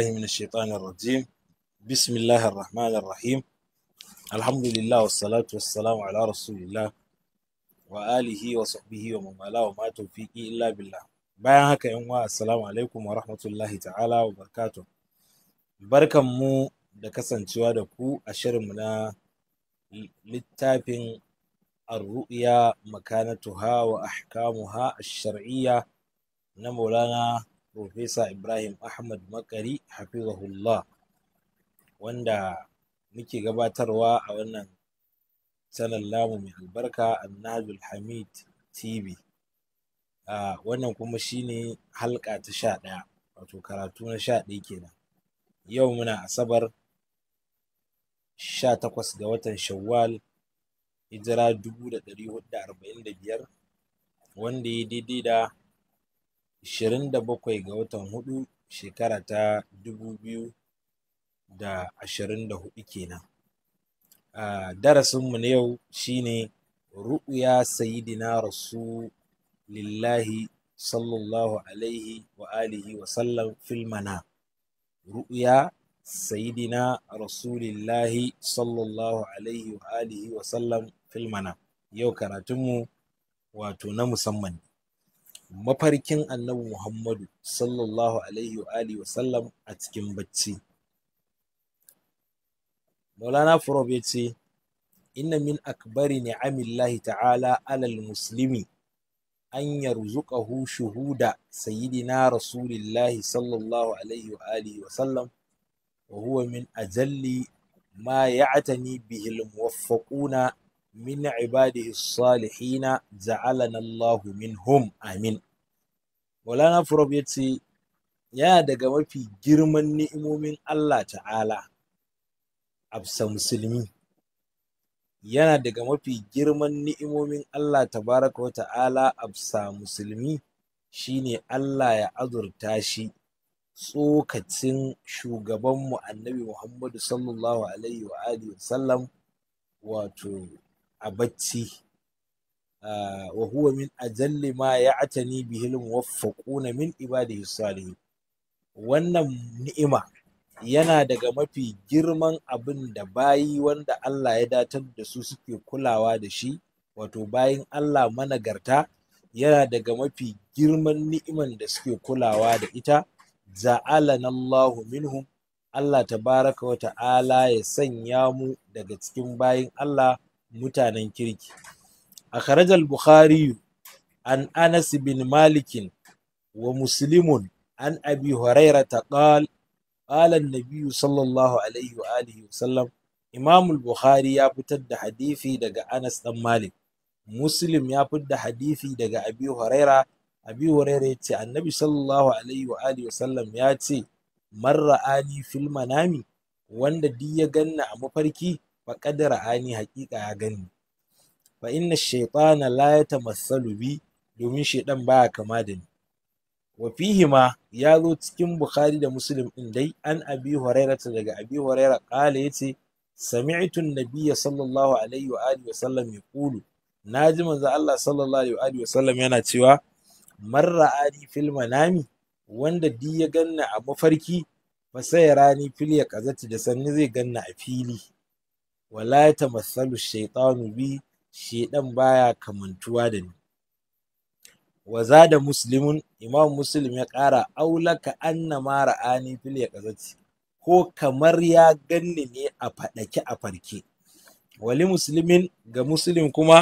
بالله من الشيطان الرجيم بسم الله الرحمن الرحيم الحمد لله ala والسلام على رسول الله وآله وصحبه ومن والاه وما توفيقي إلا bayan haka yan uwa assalamu alaikum wa rahmatullahi ta'ala wa barakatuh barkan mu da kasancewa da ku a shirinmu na littafin arru'ya makanatuha wa ahkamu ha a shariyya na maulana Profesa Ibrahim Ahmad Makari hafizahullah wanda muke gabatarwa a wannan sanar lamu mai albarka annabul hamid tv a wannan kuma shine halka ta sha ɗaya wato karatu na sha ɗaya kenan yau muna asabar sha takwas ga watan shawwal hijira dubu da ɗari da arba'in da biyar wanda ya daidai da 27 ga watan hudu shekara ta 2024 kenan darasinmu na yau shine ru'uya sayidina rasulillahi sallallahu alaihi wa alihi wa sallam filmana ru'uya sayidina rasulillahi sallallahu alaihi wa alihi wa sallam filmana yau karatunmu wato na musamman mafarkin annabi Muhammadu sallallahu alaihi wa alihi a cikin bacci. Maulana Furob ya ce, Inna min akbari ni'amillahi ta'ala alal muslimi an yarzuqahu shuhuda sayyidina rasulillahi sallallahu alaihi wa alihi wa huwa min ajalli ma ya'tani bihi muwaffaquna min ibadihi salihina ja'alana Allahu minhum amin Maulana Prof ya ce yana daga mafi girman ni'imomin Allah yana daga mafi girman ni'imomin Allah tabaraka wa ta'ala absa musulmi shine Allah ya azurta shi tsokacin shugabanmu annabi Muhammadu sallallahu alaihi wa wato a bacci ah, wa huwa min ajalli ma atani bihi al-muwaffaquna min ibadihi salihin wannan ni'ima yana daga mafi girman abin da bayi wanda Allah ya datar da su suke kulawa da shi wato bayin Allah managarta yana daga mafi girman ni'iman da suke kulawa da ita za'alana Allah minhum Allah tabaraka wa ta'ala ya sanya mu daga cikin bayin Allah mutanen kirki akhraj al-bukhari an anas bin malik wa muslimun an abi hurairah qal qala an-nabiy sallallahu alaihi wa alihi sallam imam al-bukhari ya fitar da hadisi daga anas dan malik muslim ya fitar da hadisi daga abi hurairah abi huraira ya ce annabi sallallahu alaihi wa alihi wa sallam ya ce man fil manami wanda duk ya ganna a mafarki faqad ani haƙiƙa ya gani fa inna shaytana la yatamassalu bi domin shaydan baya kama da ni wa fihi ma ya zo cikin bukhari da muslim din dai an abi hurairah daga abi hurairah kale yace sami'tu an-nabiyya sallallahu alaihi wa alihi wa sallam yaqulu naji manzo Allah sallallahu alaihi wa alihi wa sallam yana cewa marra ra'ani fil manami wanda di ya ganna a mafarki fa sai rani fil ya da sanni zai ganna a fili wala ya tamassalu shaitanu bi shaidan baya kamantuwa da ni waza da muslimun imam muslim ya kara aulaka anna ma ra'ani fil yaqazati ko kamar ya ganni ne a faɗake a farke wali muslimin ga muslim kuma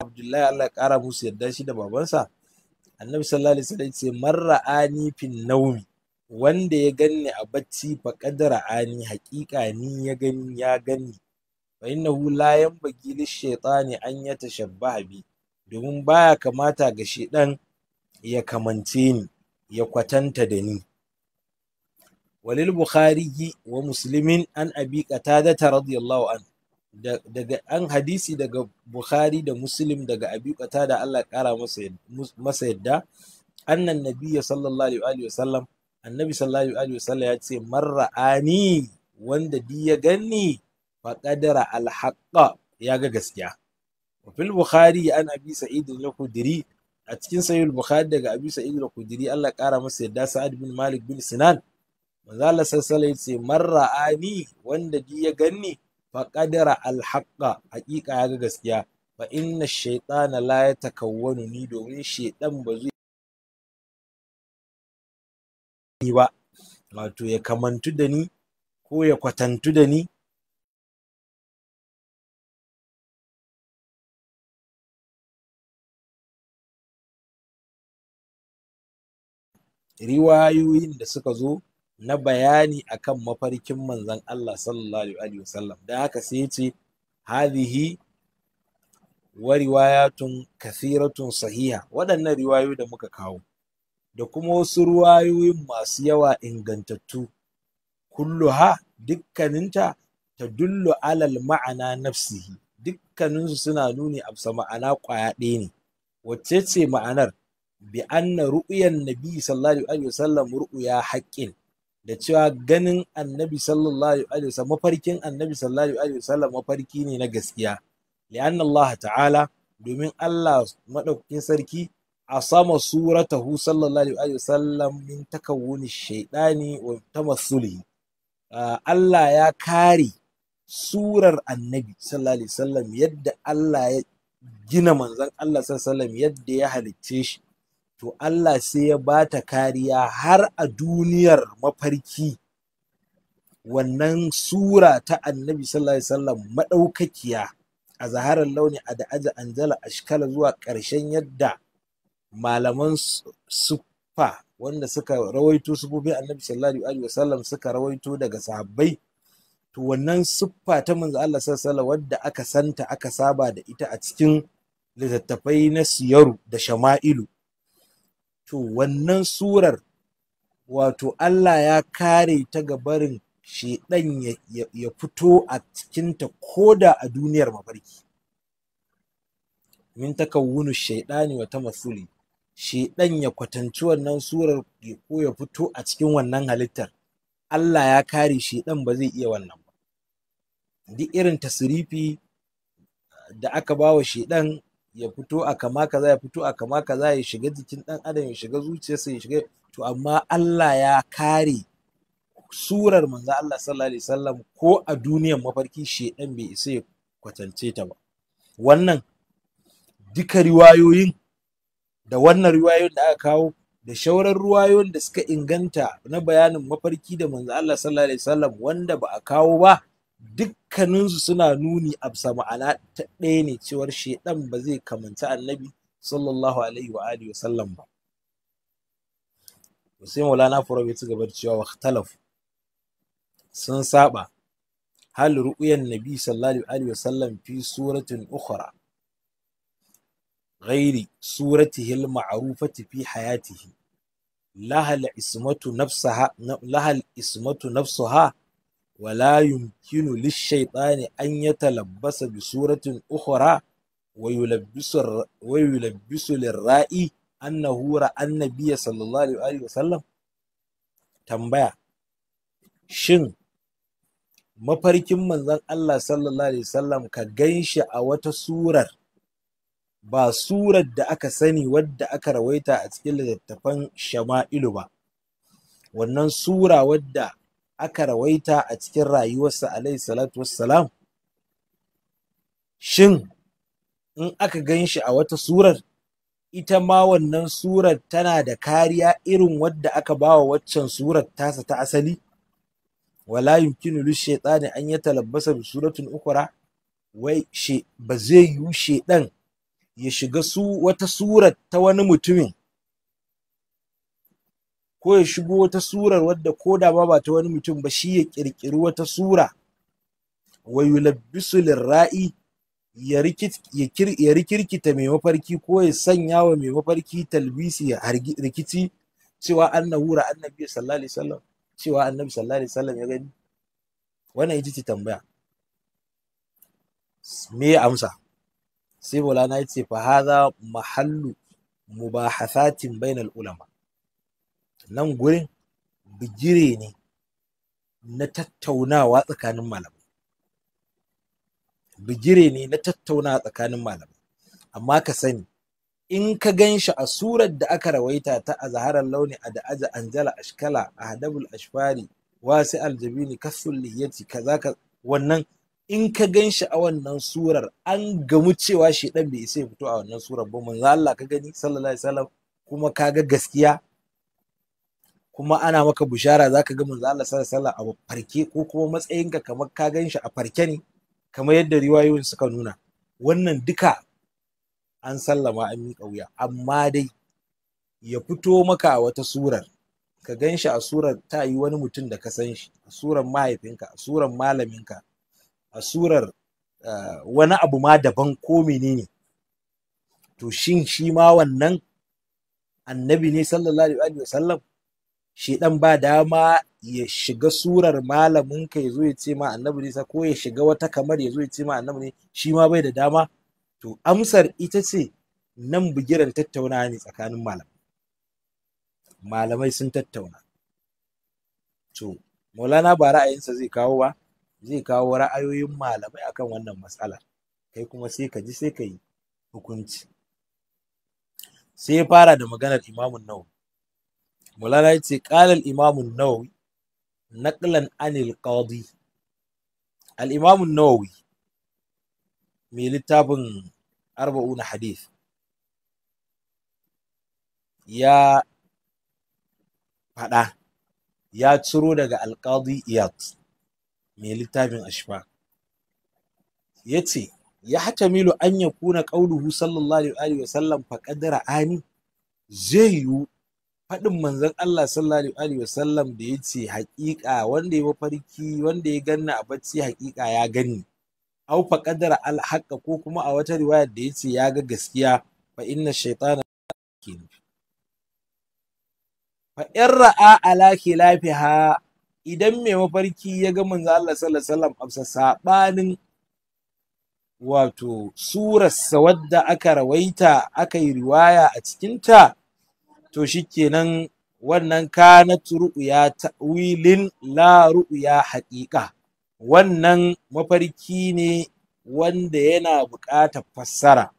Abdullahi Allah ƙara musu yarda shi da babansa annabi sallallahu alaihi wasallam ce marra'ani ra'ani fil nawmi wanda ya ganni a bacci kadara ani haƙiƙa ni ya gani ya gani fa innahu la yanbaghi lish-shaytani an yatashabbaha bi domin baya kamata ga shedan ya kamance ni ya kwatanta da ni walil bukhari wa muslimin an abi ta radiyallahu an daga an hadisi daga bukhari da muslim daga abi qatada Allah ya kara masa yadda annan nabiyya sallallahu alaihi wa sallam annabi sallallahu alaihi wasallam ya ce marra'ani wanda di ya ganni faqadara alhaqqa ya ga gaskiya wa fil bukhari an abi sa'id al-khudri a cikin sahih al-bukhari daga abi sa'id al-khudri Allah kara masa yadda sa'ad bin malik bin sinan manzo Allah sallallahu alaihi wasallam ya ce marra'ani wanda di ya ganni faƙadara alhaƙa hakika ya ga gaskiya fa inna ash-shaytana la yatakawwanu ni domin shaytan ba zai ni ba wato ya kamantu da ni ko ya kwatantu da ni riwayoyin da suka zo na bayani akan mafarkin manzon Allah sallallahu alaihi wasallam dan haka sai yace hadhihi wa riwayatun kathiratun sahiha waɗannan riwayoyi da muka kawo da kuma wasu ruwayoyin masu yawa ingantattu kulluha dukkaninta ta dullu alal ma'ana nafsihi dukkaninsu suna nuni a ma'ana ƙwaya ɗaya ne wacce ce ma'anar bi anna ru'yan nabi sallallahu alaihi wasallam ru'ya haqqin da cewa ganin annabi sallallahu alaihi wasallam mafarkin annabi sallallahu alaihi wasallam mafarki ne na gaskiya li'anna Allah ta'ala domin Allah madaukakin sarki A asama suratahu sallallahu alaihi wasallam min takawuni shaidani wa tamassulihi ah, Allah ya kare surar annabi sallallahu alaihi wasallam yadda Allah ya gina manzon Allah sallallahu alaihi wasallam yadda ya halicce shi to Allah sai ya bata kariya har a duniyar mafarki wannan sura ta annabi sallallahu alaihi wasallam madaukakiya a zaharar launi a da aja anjala ashkala zuwa ƙarshen yadda malaman sufa wanda suka rawaito sufufin annabi sallallahu alaihi wasallam suka rawaito daga sahabbai to wannan siffa ta manzo Allah sallallahu wadda aka santa aka saba da ita a cikin littattafai na siyaru da shama'ilu to wannan surar wato Allah ya kare ta ga barin shedan ya fito a cikinta koda a duniyar mafarki min takawunu shaidani wa tamasuli ɗan ya kwatanci wannan surar ko ya fito a cikin wannan halittar Allah ya kare ɗan ba zai iya wannan ba duk irin tasirifi da aka ba wa ɗan ya fito a kama kaza ya fito a kama kaza ya shiga jikin dan adam ya shiga zuciyarsa ya shiga to amma Allah ya kare surar manzo Allah sallallahu alaihi wasallam ko a duniyar mafarki ɗan bai isa ya kwatance ta ba wannan duka riwayoyin da wannan riwayoyin da aka kawo da shauran ruwayoyin da suka inganta na bayanin mafarki da manzo Allah sallallahu alaihi wasallam wanda ba a kawo ba dukkaninsu suna nuni a ma'ana ta ɗaya ne cewar shedan ba zai kamanta annabi sallallahu alaihi wa alihi wasallam ba sai maulana furabe ci gaba da cewa waqtalaf sun saba hal ru'yan nabi sallallahu alaihi wasallam fi suratin ukhra ghairi suratihi hilma marufati fi hayatihi lahal ismatu nafsaha lahal ismatu nafsaha wala yumkinu lish-shaytani an yatalabbasa bi suratin ukhra wa yulabbisu lir-ra'i annahu ra'a an-nabiyya sallallahu alaihi wasallam tambaya shin mafarkin manzon Allah sallallahu alaihi wasallam ka ganshi a wata surar ba surar da aka sani wadda aka rawaita a cikin littattafan shama'ilu ba wannan sura wadda aka rawaita a cikin rayuwarsa alaihi salatu wassalam shin in aka gan shi a wata surar ita ma wannan surar tana da kariya irin wadda aka ba wa waccan surar tasa ta asali wala yumkinu shaytani an yatalabbasa bi suratin ukra wai she ba zai yi shedan ya shiga su wata surar ta wani mutumin ko ya shigo wata surar wadda ko da ba ba ta wani mutum ba shi ya ƙirƙiri wata sura wa yulabbisu lirra'i ya rikirkita mai mafarki ko ya sanya wa mai mafarki talbisi ya rikici cewa annahu ra annabi sallallahu alaihi wasallam cewa annabi sallallahu alaihi wasallam ya gani wannan ita ce tambaya me ya amsa sai maulana ya ce fahaza mahallu mubahasatin bainal ulama nan gurin bigire ne na tattaunawa tsakanin malamai bigire ne na tattaunawa tsakanin malamai amma ka sani in ka gan shi a surar da aka rawaita ta a zaharar launi a da anjala ashkala a hadabul ashfari wasi aljabini kasul liyati kaza ka wannan in ka gan shi a wannan surar an gamu cewa shi dan bai sai fito a wannan surar ba manzo Allah ka gani sallallahu alaihi wasallam kuma ka ga gaskiya kuma ana maka bushara zaka ga manzo Allah sallallahu alaihi wasallam a farke ko kuma matsayinka kamar ka gan shi a farke ne kamar yadda riwayoyin suka nuna wannan duka an sallama an miƙa wuya amma dai ya fito maka a wata surar ka gan shi a surar ta yi wani mutum da ka san shi a surar mahaifinka a surar malaminka a surar eh, wani abu ma daban ko menene to shin shi ma wannan annabi ne sallallahu alaihi sallam. shi dan ba dama ya shiga surar malamin ka yazo ya ce ma annabi ne ko ya shiga wata kamar yazo ya ce ma annabi ne shi ma bai da dama to amsar ita ce nan bugiran tattauna ne tsakanin malamai malamai sun tattauna to maulana ba ra'ayinsa zai kawo ba zai kawo ra'ayoyin malamai akan wannan matsala kai kuma sai ka ji sai ka yi hukunci sai ya fara da maganar imamun nawawi mulana ya ce ƙalal imamun nawawi naƙlan anil qadi al imamun nawawi mai littafin arba'u na hadith ya faɗa ya ciro daga alƙadi iyad mai littafin ashfa ya ce ya milo an ya kuna ƙauluhu sallallahu alaihi wa sallam faƙadara ani zai yiwu faɗin manzon Allah sallallahu alaihi wa sallam da ya ce haƙiƙa wanda ya mafarki wanda ya ganna a bacci haƙiƙa ya gani au faƙadara alhaƙa ko kuma a wata riwaya da ya ce ya ga gaskiya fa inna shaitana ke nufi fa ra'a ala khilafiha idan mai mafarki ya ga manzo Allah sallallahu alaihi wasallam amsa sabanin wato surarsa wadda aka rawaita aka yi riwaya a cikin ta to shikenan wannan kanat ru'ya ta'wilin la ru'ya haqiqa wannan mafarki ne wanda yana buƙatar fassara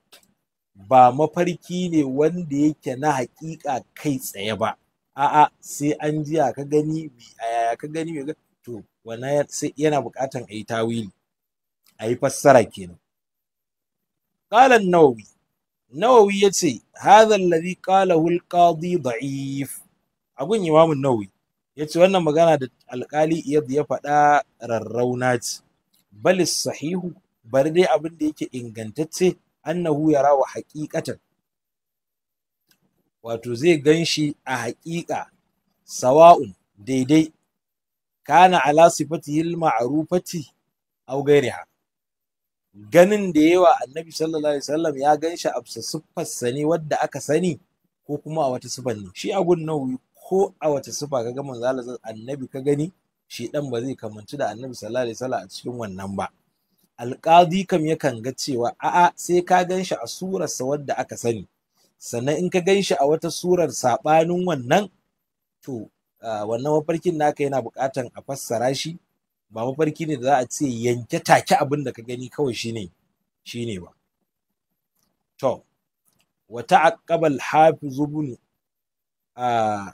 ba mafarki ne wanda yake na haƙiƙa kai tsaye ba a'a sai an jiya ka gani a ka gani mai to wannan sai yana bukatan a yi tawili ayi fassara kenan qalan nawawi nawawi yace hadha alladhi qalahu alqadi da'if abun imamun nawawi yace wannan magana da alkali yadda ya faɗa rarrauna ce Bali sahihu bar dai abin da yake ingantacce annahu yarawa haqiqatan wato zai ganshi a haƙiƙa sawa'un daidai kana ala sifatihil ma'rufati aw ghairiha ganin da yawa annabi sallallahu alaihi wasallam ya gan shi a siffar sani wadda aka sani ko kuma a wata siffar ne shi a nawi ko a wata siffa ka manzo Allah annabi ka gani shi dan ba zai kamanci da annabi sallallahu alaihi wasallam a cikin wannan ba alqadi kam yakan ga cewa a'a sai ka ganshi shi a surarsa wadda aka sani sannan in ka gan shi a wata surar saɓanin wannan to wannan mafarkin naka yana buƙatan a fassara shi ba mafarki ne da za a ce yanke take abin da ka gani kawai shine ne ba to wata aqabal hafiz ibn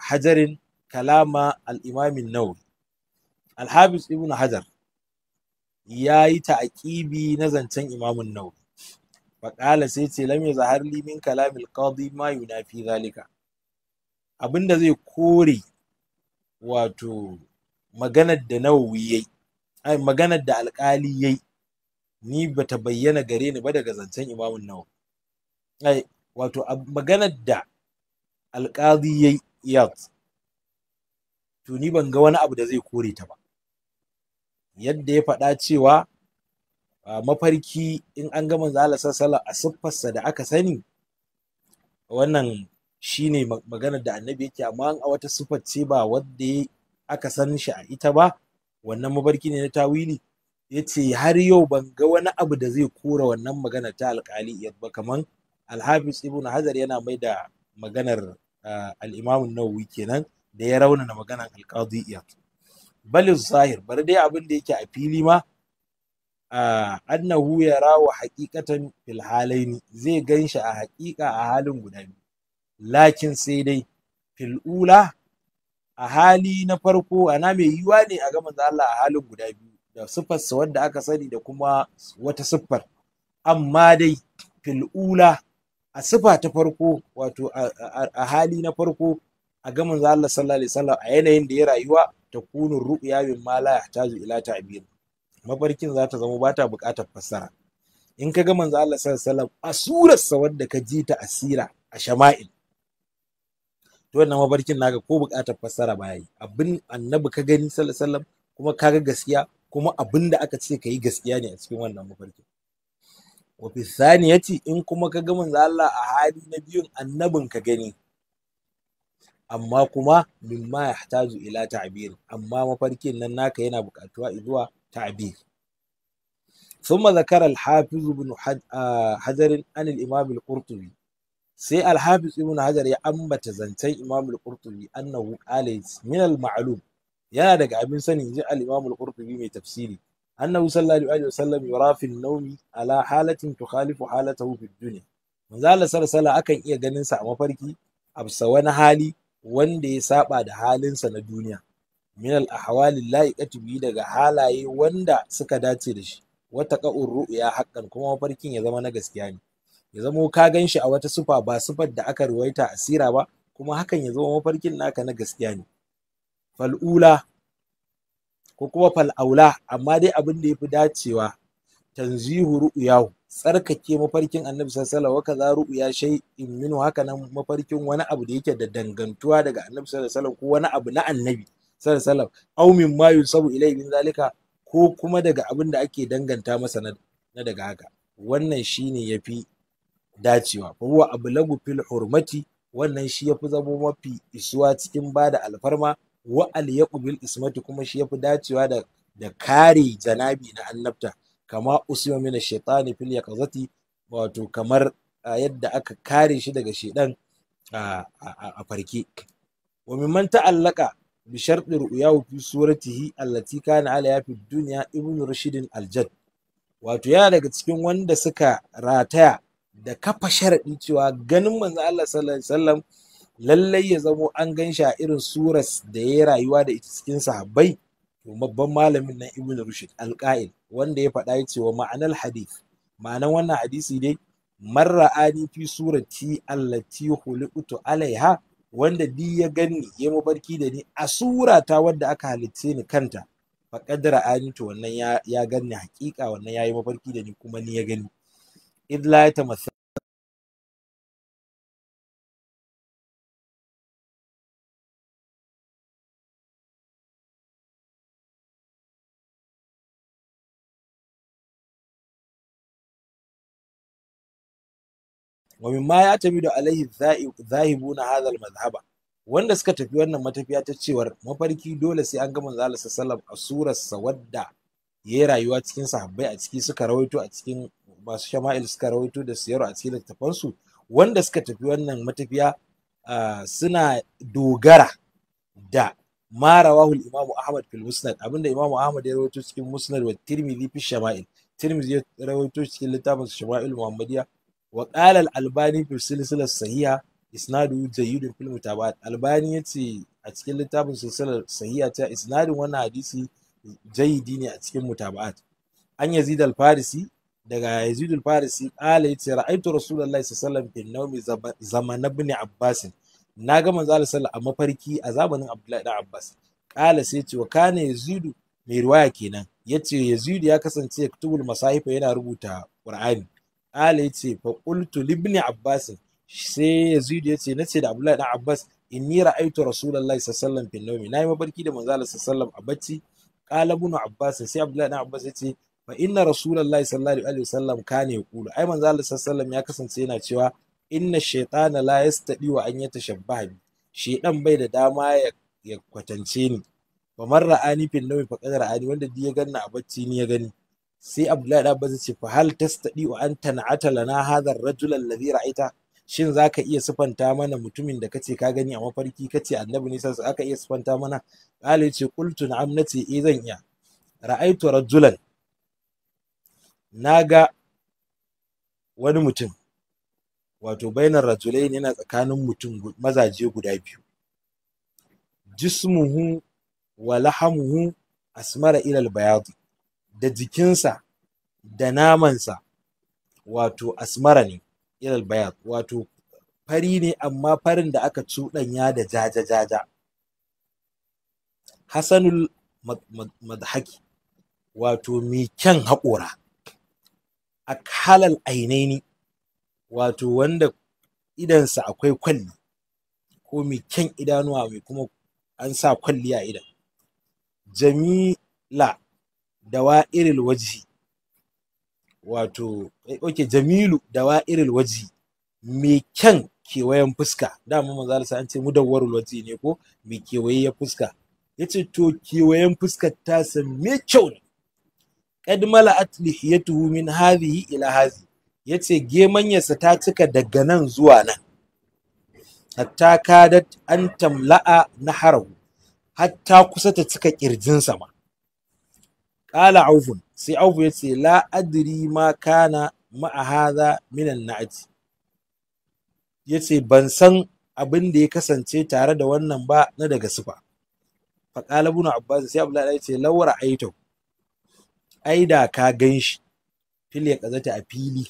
hajarin kalama al-imamin nawawi al ibn hajar ya yi na zancen imamun nawawi faƙala sai ce lam yazhar li min kalamil qadi ma yunafi zalika da zai kore wato maganar da nawawi yayi ai maganar da alƙali yayi ni bata bayyana gare ni ba daga zancen imamun nawawi ai wato maganar da alƙadi yayi iyat to ni ban ga wani abu da zai kore ta ba yadda ya faɗa cewa mafarki in an gama zala sassala a siffarsa da aka sani wannan shi ne maganar da annabi yake amma a wata siffar ce ba wadda aka san shi a ita ba wannan mafarki ne na tawili ya ce har yau ban ga wani abu da zai kura wannan maganar ta alƙali ba kamar alhafiz ibn hazar yana mai da maganar al'imamun nawawi kenan da ya raunana maganar alƙadi bali zahir bari dai abin da yake a fili ma annahu ya rawa haƙiƙatan filhalaini zai gan shi a haƙiƙa a halin guda biyu lakin sai dai fil'ula a hali na farko ana mai yiwa ne a gama Allah a halin guda biyu da siffarsa wanda aka sani da kuma wata siffar amma dai fil'ula a siffa ta farko wato a hali na farko a gama Allah sallallahu alaihi wasallam a yanayin da ya rayuwa ta kunu ru'ya min ma la yahtaju ila ta'bir mafarkin za ta zama ba ta buƙatar fassara in ka ga manzo Allah sallallahu alaihi wasallam a sa wanda ka ji ta asira a shama'il to wannan mafarkin naga ko buƙatar fassara ba yi abin annabi ka gani sallallahu alaihi wasallam kuma ka ga gaskiya kuma abin da aka ce ka gaskiya ne a cikin wannan mafarkin wa fi saniyati in kuma ka ga manzo Allah a hali na biyun annabin ka gani amma kuma mimma yahtaju ila ta'bir amma mafarkin nan naka yana buƙatuwa zuwa تعبير ثم ذكر الحافظ بن حجر عن الإمام القرطبي سي الحافظ ابن حجر يا أمبت زنتي إمام القرطبي أنه قال من المعلوم يا دقا أبن سني جاء الإمام القرطبي من تفسيري أنه صلى الله عليه وسلم يرى في النوم على حالة تخالف حالته في الدنيا من ذال صلى صلى أكن إيا جننسا مفركي أبسوان حالي wanda ya saba da halinsa na min al-ahwali la'iqati bi daga halaye wanda suka dace da shi wata ka'ur ru'ya haqqan kuma mafarkin ya zama na gaskiya ne ya zama ka ganshi a wata sufa ba sufar da aka ruwaita asira ba kuma hakan ya zama mafarkin naka na gaskiya ne fal'ula ko kuma fal'aula amma dai abin da ya fi dacewa tanzihu tsarka tsarkake mafarkin annabi sallallahu alaihi wasallam kaza ru'ya in haka nan mafarkin wani abu da yake da dangantuwa daga annabi sallallahu alaihi wasallam ko wani abu na annabi sallallahu alaihi wasallam aw min ma yusabu min zalika ko kuma daga abin da ake danganta masa na, daga haka wannan shine yafi dacewa fa huwa ablagu fil hurmati wannan shi yafi zabo mafi isuwa cikin bada alfarma wa al yaqbil ismati kuma shi yafi dacewa da da kare janabi na annabta kama usima min ash-shaytani fil yaqazati wato kamar yadda aka kare shi daga shedan a farke wa mimman ta'allaka بشرط رؤياه في صورته التي كان عليها في الدنيا ابن رشيد الجد wato yana daga cikin wanda suka rataya da kafa sharaɗi cewa ganin manzo Allah sallallahu lallai ya zamo an gan shi a irin suras da ya rayuwa da ita cikin sahabbai to babban malamin na Ibnu Rushd alqa'il wanda ya faɗa yace wa ma'anal hadith ma'anan wannan hadisi dai man ra'ani fi surati allati khuliqtu alaiha wanda di ya ganni ya mabarki da ni a ta wadda aka halitce ni kanta fa kaddara ani wannan ya gani hakika wannan yayi mafarki da ni kuma ni ya gani idh la wa mimma ya tamidu alaihi zahibuna hadha al wanda suka tafi wannan matafiya ta cewar mafarki dole sai an ga manzo Allah sallallahu a surar sawadda wadda yayi rayuwa cikin sahabbai a ciki suka rawaito a cikin masu shama'il suka rawaito da siyaru a cikin littafan su wanda suka tafi wannan matafiya suna dogara da ma rawahu al-imamu Ahmad fil musnad abinda imamu Ahmad ya rawaito cikin musnad wa Tirmidhi fi shama'il Tirmidhi ya rawaito cikin littafin shama'il muhammadiyah wa qala al-albani fi silsilar sahiha isnadu jayyidun fil mutabat albani yace a cikin littafin silsilar sahiya ta isnadin wannan hadisi jayyidi ne a cikin mutaba'a. an yazid al-farisi daga yazidu al-farisi qala yace ra'aytu rasulullahi sallallahu alaihi wasallam fi abbas na ga manzo sallallahu a mafarki a zamanin abdullahi na abbas Ƙala sai ce wa yazidu! yazid mai riwaya kenan yace "Yazidu ya kasance yaktubul masahifa yana rubuta qur'ani qala ce fa qultu li ibn abbas sai yazid na nace da abdullahi dan abbas inni ra'aytu rasulullahi sallallahu alaihi wasallam fil nawmi nayi mabarki da manzo sallallahu alaihi wasallam a bacci qala ibn abbas sai abdullahi dan abbas ya ce fa inna rasulullahi sallallahu alaihi wasallam kana yaqulu ai manzo sallallahu ya kasance yana cewa inna shaytana la yastadi wa an yatashabbaha bi shaidan bai da dama ya, ya kwatance ni wa man ra'ani fil nawmi faqad ra'ani wanda duk ya ganna a bacci ni ya gani sai abdullahi da abbas ce fa hal tastadi wa an na'ata lana hadha ar-rajul alladhi ra'aita shin zaka iya sifanta mana mutumin da kace ka gani a mafarki kace annabi ne sai aka iya sifanta mana qala yace qultu na'am nace eh zan iya ra'aitu rajulan naga wani mutum wato bainar rajulai yana tsakanin mutum mazaje guda biyu jismuhu wa lahamuhu asmara ilal bayadi da jikinsa da namansa wato asmara ne ilal bayat wato fari ne amma farin da aka cuɗanya da jaja jaja hasanul madhaki wato mai kyan haƙora a akalal ainaini wato wanda idansa akwai kwalli ko mai kyan idanuwa mai kuma an sa kwalli a idan jamila dawa'iril wajhi wato okay, jamilu dawa'iril wajhi kyan kewayen fuska dama manzo Allah an ce mudawwarul wajhi ne ko mai ya fuska yace to kewayen fuskar ta san me kyau ne qad mala'at lihiyatuhu min hadhihi ila hadhi yace gemanyarsa ta cika daga nan zuwa nan hatta kadat an tamla'a naharahu hatta kusa ta cika kirjinsa ma Ƙala aufun sai aufu ya ce la adri ma kana ma'a hadha minan aji. ya ce ban san abin da ya kasance tare da wannan ba na daga sifa faƙala abba sai abdullahi ya ce law ra'aytu ai da ka ganshi fil ya kazata a fili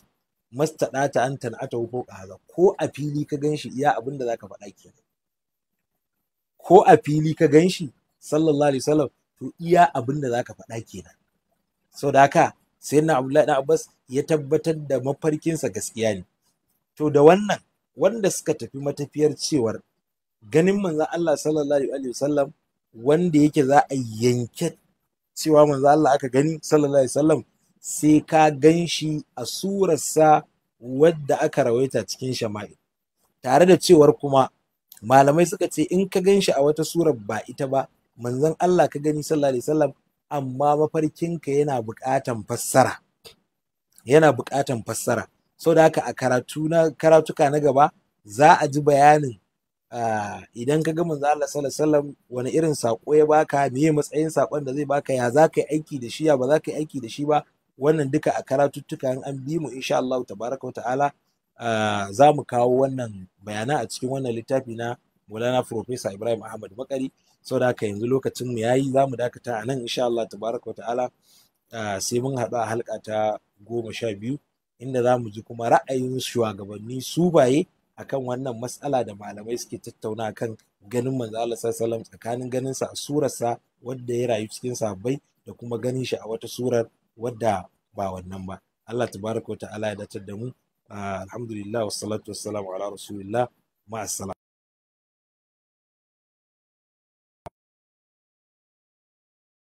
ɗata an tan'ata ko kaza ko a fili ka ganshi iya abin da ka faɗa ki? ko a fili ka ganshi sallallahu alaihi wasallam to iya abin da zaka faɗa kenan sau da haka sai na abdullahi dan abbas ya tabbatar da mafarkinsa gaskiya ne to da wannan wanda suka tafi matafiyar cewar ganin manzo Allah sallallahu alaihi wasallam wanda yake za a yanke cewa manzo Allah aka gani sallallahu alaihi wasallam sai ka ganshi shi a surarsa wadda aka rawaita cikin shama'i tare da cewar kuma malamai suka ce in ka ganshi a wata surar ba ita ba manzon Allah ka gani sallallahu alaihi wasallam amma mafarkinka yana buƙatan fassara yana buƙatan fassara so da haka a karatu na karatuka na gaba za a ji bayanin ah, idan ka ga manzo Allah sallallahu alaihi wasallam wani irin sako ya baka ya matsayin sakon da zai baka ya za ka yi aiki da shi ya ba za ka yi aiki da shi ba wannan duka a karatuttuka in an bi mu insha Allah tabaraka wa ta'ala ah, za mu kawo wannan bayana a cikin wannan littafi na Mawlana Professor Ibrahim Ahmad Bakari saboda haka yanzu lokacin mu yayi mu dakata a nan insha Allah tabaraka ta'ala sai mun haɗu a halka ta goma sha biyu inda za mu ji kuma ra'ayin shugabanni su baye akan wannan matsala da malamai suke tattauna kan ganin manzo Allah sallallahu tsakanin ganin sa a surarsa wanda ya rayu cikin sahabbai da kuma ganin shi a wata surar wadda ba wannan ba Allah tabaraka wa ta'ala ya datar da mu alhamdulillah wassalatu wassalamu ala rasulillah ma'assalam